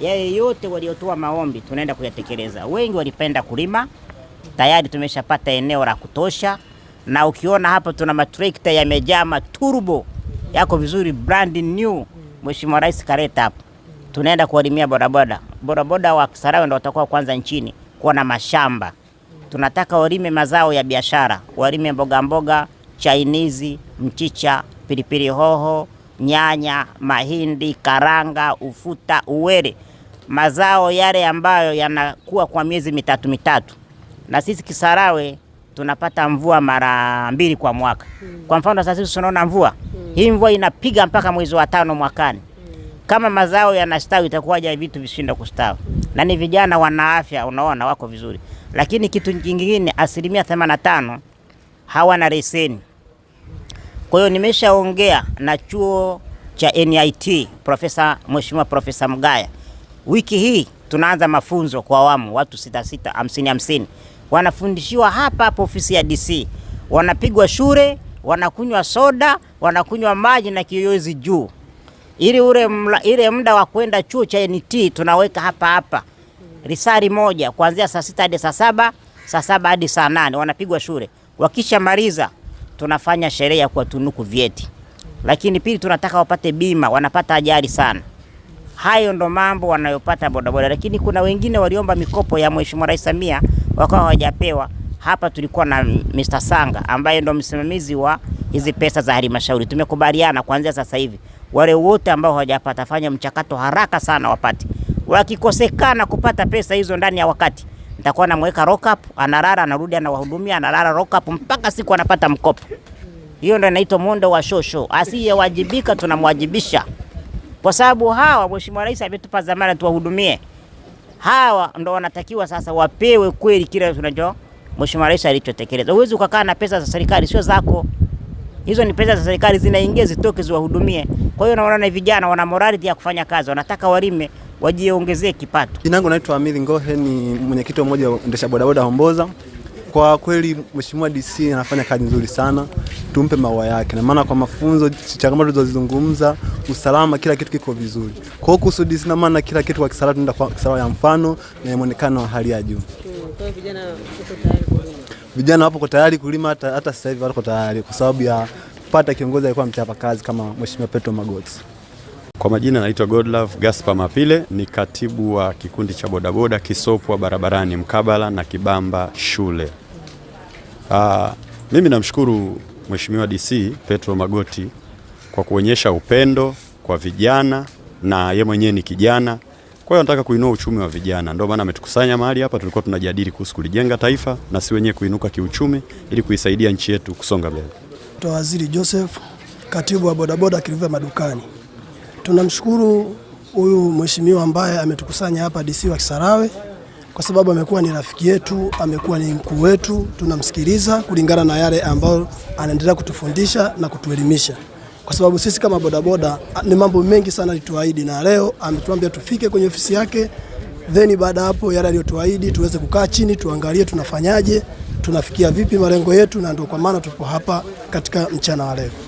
yale yote waliotoa maombi tunaenda kuyatekeleza. Wengi walipenda kulima, tayari tumeshapata eneo la kutosha, na ukiona hapa tuna matrekta yamejaa maturbo yako vizuri, brand new. Mheshimiwa Rais kareta hapa, tunaenda kuwalimia bodaboda. Bodaboda wa Kisarawe ndio watakuwa kwanza nchini kuwa na mashamba. Tunataka walime mazao ya biashara, walime mbogamboga, chainizi, mchicha, pilipili hoho nyanya, mahindi, karanga, ufuta, uwele, mazao yale ambayo yanakuwa kwa miezi mitatu mitatu. Na sisi Kisarawe tunapata mvua mara mbili kwa mwaka. Hmm. Kwa mfano sasa sisi tunaona mvua hmm. hii, mvua inapiga mpaka mwezi wa tano mwakani. Hmm. Kama mazao yanastawi, itakuwaje vitu vishinda kustawi? Na ni vijana wana afya, unaona wako vizuri, lakini kitu kingine asilimia 85 hawana leseni. Kwa hiyo nimeshaongea na chuo cha NIT profesa, mheshimiwa Profesa Mgaya, wiki hii tunaanza mafunzo kwa awamu, watu sita sita, hamsini hamsini, wanafundishiwa hapa hapa ofisi ya DC, wanapigwa shure, wanakunywa soda, wanakunywa maji na kiyoyozi juu, ili ule ile muda wa kwenda chuo cha NIT tunaweka hapa hapa risari moja kuanzia saa sita hadi saa saba, saa saba hadi saa nane wanapigwa shule, wakishamaliza tunafanya sherehe ya kuwatunuku vyeti, lakini pili tunataka wapate bima, wanapata ajali sana. Hayo ndo mambo wanayopata bodaboda, lakini kuna wengine waliomba mikopo ya Mheshimiwa Rais Samia wakawa hawajapewa. Hapa tulikuwa na Mr. Sanga ambaye ndo msimamizi wa hizi pesa za halmashauri. Tumekubaliana kuanzia sasa hivi wale wote ambao hawajapata, fanya mchakato haraka sana wapate, wakikosekana kupata pesa hizo ndani ya wakati nitakuwa namweka lock up, analala, anarudi, anawahudumia, analala lock up mpaka siku anapata mkopo. Hiyo ndio inaitwa mwendo wa shosho. Asiyewajibika tunamwajibisha, kwa sababu hawa, Mheshimiwa Rais ametupa dhamana tuwahudumie hawa, ndo wanatakiwa sasa wapewe kweli kile tunacho Mheshimiwa Rais alichotekeleza. Huwezi ukakaa na pesa za serikali sio zako. Hizo ni pesa za serikali, zinaingia zitoke, ziwahudumie. Kwa hiyo naona na vijana wana morality ya kufanya kazi, wanataka walime wajiongezee kipato. Jina langu naitwa Amiri Ngohe, ni mwenyekiti wa mmoja endesha bodaboda Homboza. Kwa kweli Mheshimiwa DC anafanya kazi nzuri sana, tumpe maua yake, na maana kwa mafunzo, changamoto tulizozizungumza, usalama, kila kitu kiko vizuri. Kwa hiyo kuhusu DC, na maana kila kitu kwa Kisarawe tunaenda kwa Kisarawe ya mfano na muonekano wa hali ya juu. Vijana wapo tayari kulima, hata sasa hivi wako tayari kwa sababu ya pata kiongozi alikuwa mchapa kazi kama Mheshimiwa Petro Magoti. Kwa majina naitwa Godlove Gaspar Mapile, ni katibu wa kikundi cha bodaboda Kisopwa barabarani mkabala na Kibamba shule. Aa, ah, mimi namshukuru Mheshimiwa DC Petro Magoti kwa kuonyesha upendo kwa vijana na ye mwenyewe ni kijana, kwa hiyo anataka kuinua uchumi wa vijana, ndio maana ametukusanya mahali hapa. Tulikuwa tunajadili kuhusu kulijenga taifa na si wenyewe kuinuka kiuchumi ili kuisaidia nchi yetu kusonga mbele. Waziri Joseph, katibu wa bodaboda Kilivya Madukani. Tunamshukuru huyu mheshimiwa ambaye ametukusanya hapa DC wa Kisarawe kwa sababu amekuwa ni rafiki yetu, amekuwa ni mkuu wetu, tunamsikiliza kulingana na yale ambayo anaendelea kutufundisha na kutuelimisha, kwa sababu sisi kama bodaboda ni mambo mengi sana alituahidi, na leo ametuambia tufike kwenye ofisi yake, then baada hapo yale aliyotuahidi tuweze kukaa chini tuangalie tunafanyaje, tunafikia vipi malengo yetu, na ndio kwa maana tupo hapa katika mchana wa leo.